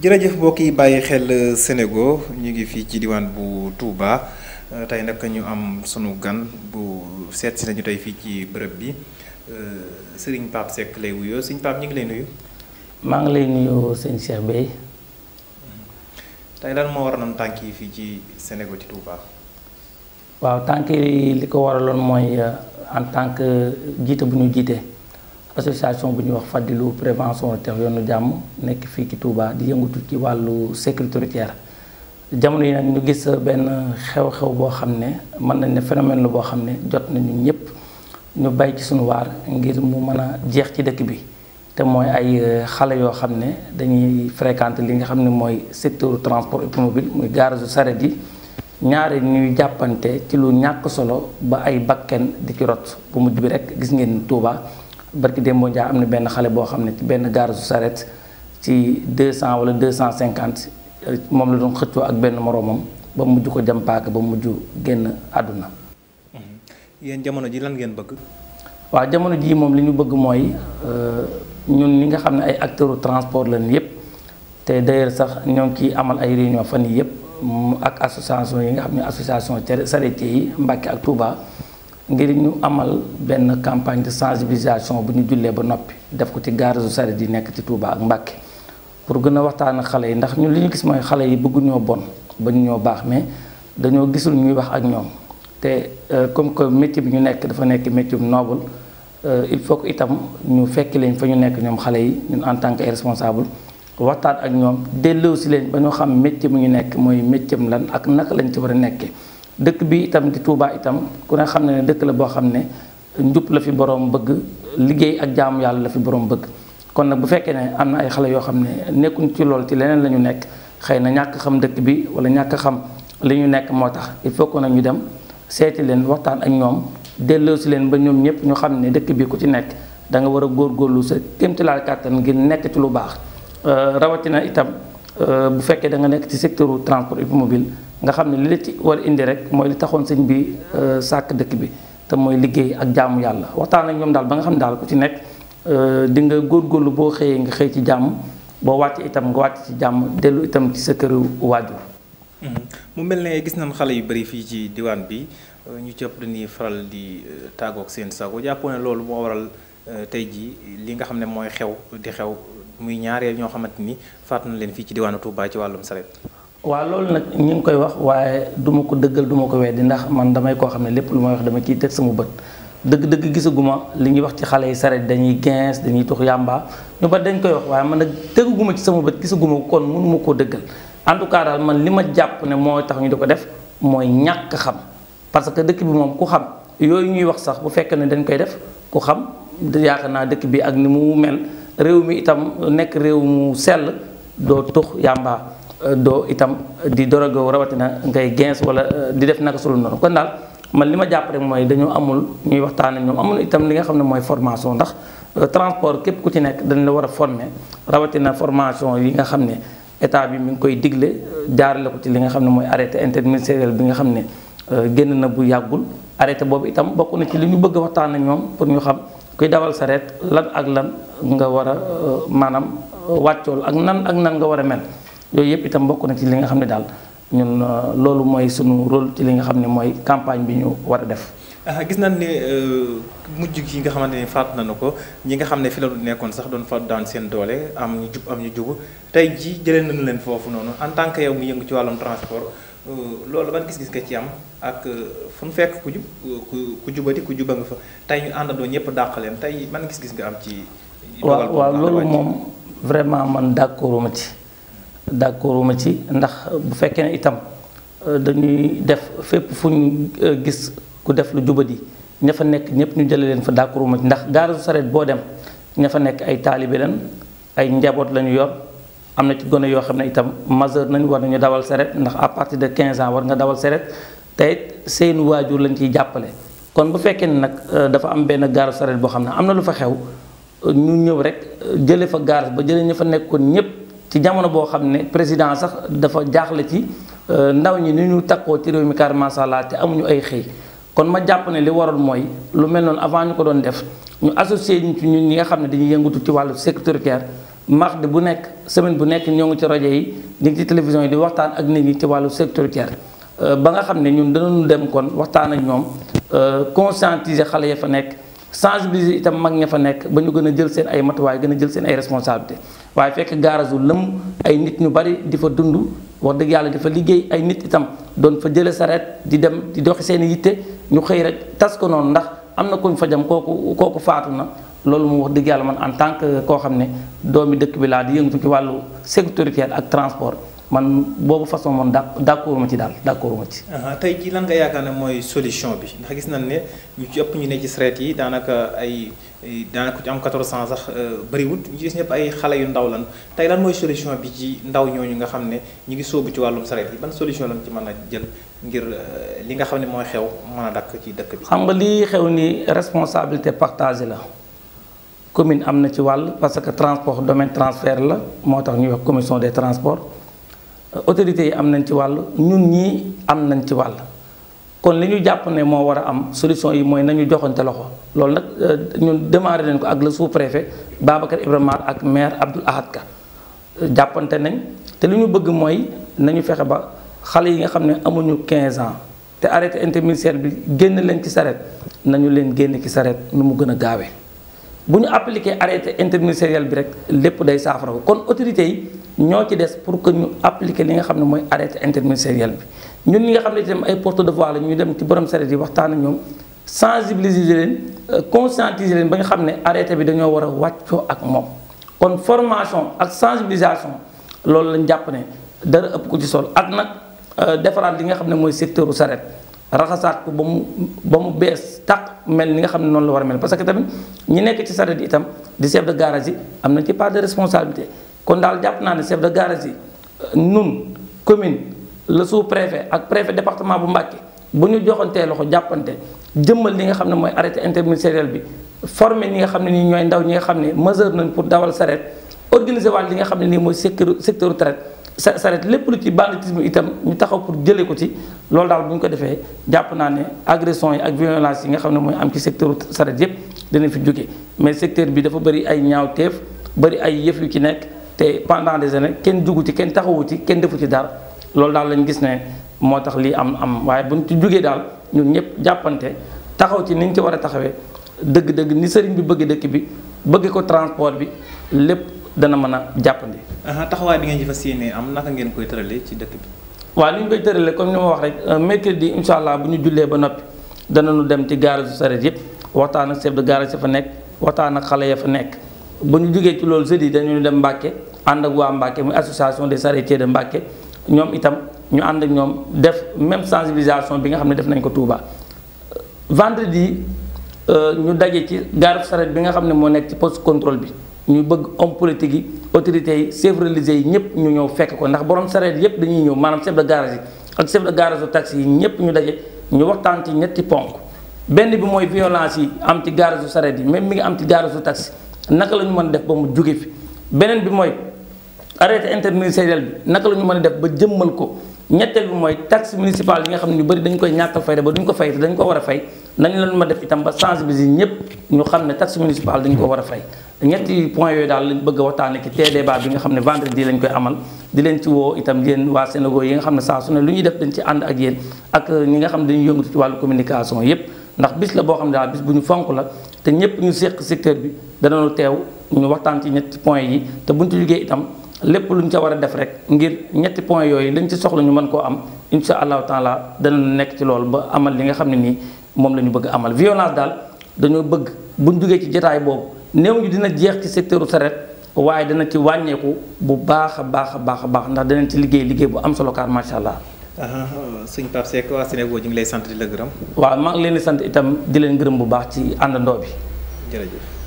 jërëjëf mbokk yi bàyyi xel euh, Sénégo ñu ngi fii ci diwaan bu Touba euh, tey nag ñu am sunu gan bu seet si nañu tey fii ci bërëb bi euh, sëriñ Pape Seck lay wuyoo sëriñ Pape ñu ngi lay nuyu. maa ngi lay nuyu sëñ Cheikh Bey. tey lan moo waraloon tànk yi fii ci Sénégo ci Touba. waaw tànk li ko waraloon mooy en tant que jiite bu ñu jiite. association bu ñuy wax fàddilu prévention teex yoonu jàmm nekk fii ci Touba di yëngatu ci wàllu sécurité jamono yi nag ñu gis benn xew-xew boo xam ne mën nañ ne phénomène la boo xam ne jot nañu ñëpp ñu bàyyi ci suñu waar ngir mu mën a jeex ci dëkk bi te mooy ay euh, xale yoo xam ne dañuy fréquenter li nga xam ne mooy secteur transport automobile muy garage saret yi ñaare ñuy jàppante ci lu ñàkk solo ba ay bakken di ci rot bu mujj bi rek gis ngeen Touba barki démboo Ndiaye am na benn xale boo xam ne ci benn gaare su saret ci deux 200 wala cinquante euh, moom la doon xëccoo ak benn moroomam ba mujj ko jam paaka ba mujj génn àdduna. Mm-hmm. yéen jamono ji lan ngeen bëgg. waaw jamono jii moom li ñu bëgg mooy euh, ñun ñi nga xam ne ay acteurs transport lan yëpp te d'ailleurs sax ñoo ngi ciy amal ay réunion fan yii yëpp ak association yi nga xam ne association charretiers yi Mbàkke ak Touba. ngir ñu amal benn campagne de sensibilisation bu ñu jullee ba noppi def ko ci gaarasu saret di nekk ci Touba ak Mbàkke pour gën a waxtaan ak xale yi ndax ñu li ñu gis mooy xale yi bëgguñoo bon ba ñu ñoo baax mais dañoo gisul ñuy wax ak ñoom te euh, comme que métier bi ñu nekk dafa nekk métier bu noble euh, il faut que itam ñu fekk leen fa ñu nekk ñoom xale yi ñun en tant que responsable waxtaan ak ñoom delloo si leen ba ñoo xam métier bu ñu nekk mooy métier lan ak naka lañ ci war a nekkee dëkk bi itam di tuubaa itam ku ne xam ne dëkk la boo xam ne njub la fi borom bëgg liggéey ak jaamu yàlla la fi borom bëgg kon nag bu fekkee ne am na ay xale yoo xam ne nekkuñ ci lool ci leneen la ñu nekk xëy na ñàkk xam dëkk bi wala ñàkk xam li ñu nekk moo tax il faut que nag ñu dem seeti leen waxtaan ak ñoom delloo si leen ba ñoom ñëpp ñu xam ne dëkk bi ku ci nekk da nga war a góorgóorlu sa kéemtalaay kàttan ngir nekk ci lu baax euh, rawatina itam euh, bu fekkee da nekk ci secteur transport automobile nga xam ne li la ci war indi rek mooy li taxoon sëñ bi euh, sàkk dëkk bi te mooy liggéey ak jàmm yàlla waxtaan ak ñoom daal ba nga xam ne daal ku ci nekk euh, di nga góorgóorlu boo xëyee nga xëy ci jàmm boo wàcc itam nga wàcc ci jàmm dellu itam ci sa kër waajur. Mm-hmm. mu mel ne gis nañ xale yu bari fii ci diwaan bi euh, ñu cëpp dañuy faral di tàggoog seen sago jàppoo ne loolu moo waral tey jii li nga xam ne mooy xew di xew muy ñaareel ñoo xamante ni faat na leen fii ci diwaanu Touba ci wàllum sareet waaw loolu nag ñu ngi koy wax waaye du ma ko dëggal duma ma ko weddi ndax man damay koo xam ne lépp lu may wax dama ciy teg sama bët dëgg-dëgg gisaguma li ñuy wax ci xale yi saret dañuy gens dañuy tux yàmba ñu ba dañ koy wax waaye man nag teguguma ci sama bët gisaguma ko kon mënuma koo dëggal en tout cas daal man li ma jàpp ne moo tax ñu di ko def mooy ñàkk xam parce que dëkk bi moom ku xam yooyu ñuy wax sax bu fekkee ne dañ koy def ku xam yaakaar naa dëkk bi ak ni mu mel réew mi itam nekk réew mu sell doo yàmba doo itam di dorogaw rawatina ngay gens wala euh, di def naka sulu noonu kon daal man li ma jàpp rek mooy dañoo amul ñuy waxtaan ak ñoom amul itam li nga xam ne mooy formation ndax euh, transport képp ku ci nekk dañ la war a former rawatina formation yi nga xam ne état bi mu ngi koy digle euh, jaarale ko li nga xam ne mooy arrêté interministériel bi nga xam ne génn na bu yàggul arrêté boobu itam bokk na ci li ñu bëgg a waxtaan ak ñoom pour ñu xam kuy dawal sa sareet lan ak lan nga war a maanaam wàccool ak nan ak nan nga war a mel yooyu yëpp itam bokk na ci li nga xam ne daal ñun euh, loolu mooy sunu rôle ci li nga xam ne mooy campagne bi ñu war a def. Ah, gis nañ ne euh, mujj gi nga xamante ne na nañu ko ñi nga xam ne fi la nekkoon sax doon faatu daan seen doole am ñu jub am ñu jubu tey ji jëlee nañu leen foofu noonu en tant que yow mu yëngu ci wàllum transport euh, loolu ban gis-gis nga ci am ak fu mu fekk ku jub ku jubati ku juba nga fa tey ñu àndandoo ñëpp dàq leen tey nga gis-gis nga am ci. waaw waaw loolu moom vraiment man d'accorduma ci. d'accord ma ci ndax bu fekkee ne itam euh, dañuy def fépp fu ñu euh, gis ku def lu jubadi ña fa nekk ñëpp ñu jëlee leen fa d'accord ma ci ndax gaara su sareet boo dem ña fa nekk ay taalibe lañ ay njaboot lañu yor am na ci gone yoo xam ne itam majeur nañ war nañu dawal sareet ndax à partir de quinze ans war nga dawal sareet te it seen waajur lañ ciy jàppale kon bu fekkee ne nag euh, dafa am benn gaara sareet boo xam ne am na lu fa xew ñu ñëw rek jëlee fa gaara ba jëlee ña fa nekkoon ñëpp. ci jamono boo xam ne président sax dafa jaaxle ci euh, ndaw ñi ni ñu takkoo ci réew mi kaar macha allah te amuñu ay xëy kon ma jàpp ne li warul mooy lu mel noonu avant ñu ko doon def ñu associé ñu ci ñun ñi nga xam ne dañuy yëngatu ci wàllu secteur sécuritaire mardi bu nekk semaine bu nekk ñoo ngi ci rajo yi ñu ngi ci télévision yi di waxtaan ak nit ñi ci wàllu sécuritaire euh, ba nga xam ne ñun danañu dem kon waxtaan ak ñoom euh, conscientiser xale ya fa nekk. bi itam mag ña fa nekk ba ñu gën a jël seen ay matuwaay gën a jël seen ay responsabilité waaye fekk gaarasu lëm ay nit ñu bari di fa dund wax dëgg yàlla di fa liggéey ay nit itam doon fa jële sareet di dem di doxi seen yitte ñu xëy rek tas ko noonu ndax am na kuñ fa jam kooku kooku faatu na loolu mu wax dëgg yàlla man en tant que koo xam ne doomi dëkk bi laa di yëngatu ci wàllu sécuritaire ak transport man boobu façon man d' accord ma ci daal d' accord ma ci. tey ji lan nga yaakaar na mooy solution bi ndax gis nañ ne ñu ci ëpp ñu ne ci sareet yi daanaka ay daanaka ci am 14 ans sax euh, bëriwut ñu gis ñëpp ay xale yu ndaw lan tey lan mooy solution bi ci ndaw ñooñu nga xam ne ñu ngi soobu ci wàllum sareet yi ban solution lañ ci man a jël ngir euh, li nga xam ne mooy xew mën a dakk ci dëkk bi. xam nga lii xew ni responsabilité partagée la commune am na ci wàll parce que transport domaine transfert la moo tax ñuy wax commission des transports. autorités yi am nañ ci wàll ñun ñii am nañ ci wàll kon li ñu jàpp ne moo war a am solution yi mooy nañu joxante loxo loolu nag euh, ñun démarré nañ ko ak le sous-préfet Babacar Ibrahima ak maire Abdoul Ahad Ka euh, jàppante nañ te li ñu bëgg mooy nañu fexe ba xale yi nga xam ne amuñu 15 ans te arrêté interministériel bi génn leen ci saret nañu leen génn ci saret nu mu gën a gaawee bu ñu appliqué arrêté interministériel bi rek lépp day saafara kon autorités yi ñoo ci des pour que ñu appliquer li nga xam ne mooy arrêté interministériel bi ñun ñi nga xam ne itam ay porte de voix la ñu dem ci borom sareet yi waxtaan ak ñoom sensibiliser leen conscientiser leen ba nga xam ne arrêté bi dañoo war a wàccoo ak moom kon formation ak sensibilisation loolu lañu jàpp ne dara ëpp ko ci sol ak nag euh, defaraat li nga xam ne mooy secteuru sareet raxasaat ko ba mu ba mu bees tàq mel ni nga xam ne noonu la war a mel parce que tamit ñi nekk ci sareet itam di chef de garage yi am nañ ci part de responsabilité kon daal jàpp naa ne chef de garage yi nun commune le sous-préfet ak préfet département bu Mbacké bu ñu joxantee loxo jàppante jëmmal li nga xam ne mooy arrêté interministériel bi formé ñi nga xam ne nii ñooy ndaw ñi nga xam ne majeur nañ pour dawal saret organiser waat li nga xam ne nii mooy secteur secteur traite sa saret lépp lu ci banditisme itam ñu taxaw pour jëlee ko ci loolu daal bu ñu ko defee jàpp naa ne agression yi ak violence yi nga xam ne mooy am ci secteur saret yépp fi jóge mais secteur bi dafa bëri ay ñaawteef bëri ay yëf yu ci nekk te pendant des années kenn jugu ci kenn taxawu ci kenn defu ci dara loolu daal lañ gis ne moo tax lii am am waaye buñ ci jugee daal ñun ñëpp jàppante taxaw ci niñ ci war a taxawee dëgg-dëgg ni sëriñ bi bëgg dëkk bi bëgg ko transport bi lépp dana mën a jàppandi. taxawaay bi ngeen ci fas yéene am naka ngeen koy tëralee ci dëkk bi. waaw li ñu koy tëralee comme ni ma wax rek euh, mercredi incha allah bu ñu jullee ba noppi danañu dem ci garage su sareet yëpp waxtaan ak chef de garage nekk waxtaan ak xale ya fa nekk bu ñu jugee ci loolu jeudi dañu dem Mbàkke ànd ak waa Mbacke muy association des charretiers de Mbacke ñoom itam ñu ànd ak ñoom def même sensibilisation bi nga xam ne def nañ ko Touba. vendredi euh, ñu daje ci gare saret bi nga xam ne moo nekk ci poste contrôle bi ñu bëgg homme politique yi autorités yi chefs religieux yi ñëpp ñu ñëw fekk ko ndax borom saret yëpp dañuy ñëw maanaam chef de garage yi ak chef de garage su taxi yi ñëpp ñu daje ñu waxtaan ci ñetti ponk benn bi mooy violence yi am ci garage su saret yi même mi ngi am ci garage su taxi naka la ñu mën def ba mu jóge fi. beneen bi mooy arrêté interministériel bi naka la ñu mën a def ba jëmmal ko ñetteel bi mooy tax municipale yi nga xam ne ñu bëri dañ koy ñàkkal fay ba duñ ko fay te dañ ko war a fay nañ leen ma itam ba sensibiliser ñëpp ñu xam ne taxe municipale ko war a fay ñetti point yooyu daal lañ bëgg a waxtaane ci tee débat bi nga xam ne vendredi lañ koy amal di leen ci woo itam yéen waa Sénégal yi nga xam ne saa su ne lu ñuy def dañ ci ànd ak yéen ak ñi nga xam ne dañuy yëngatu ci wàllu communication yépp ndax bis la boo xam ne daal bis bu ñu fonk la te ñëpp ñu seq secteur bi danañu teew ñu waxtaan ci ñetti point yi te buñ ci liggéey itam lépp lu ñu ca war a def rek ngir ñetti point yooyu lañ ci soxla ñu mën koo am insha allahu taala danañu nekk ci lool ba amal li nga xam ne nii moom la ñu bëgg amal violence daal dañoo bëgg buñ duggee ci jotaay boobu néew ñu dina jeex ci secteur u waaye dana ci wàññeeku bu baax a baax a baax a baax ndax danañ ci liggéey liggéey bu am solo kaar macha allah Uh-huh. sëñ Pape Seck waa Sénégal ñu ngi lay sant di la gërëm. waa maa ngi leen di sant itam di leen gërëm bu baax ci àndandoo bi. jërëjëf.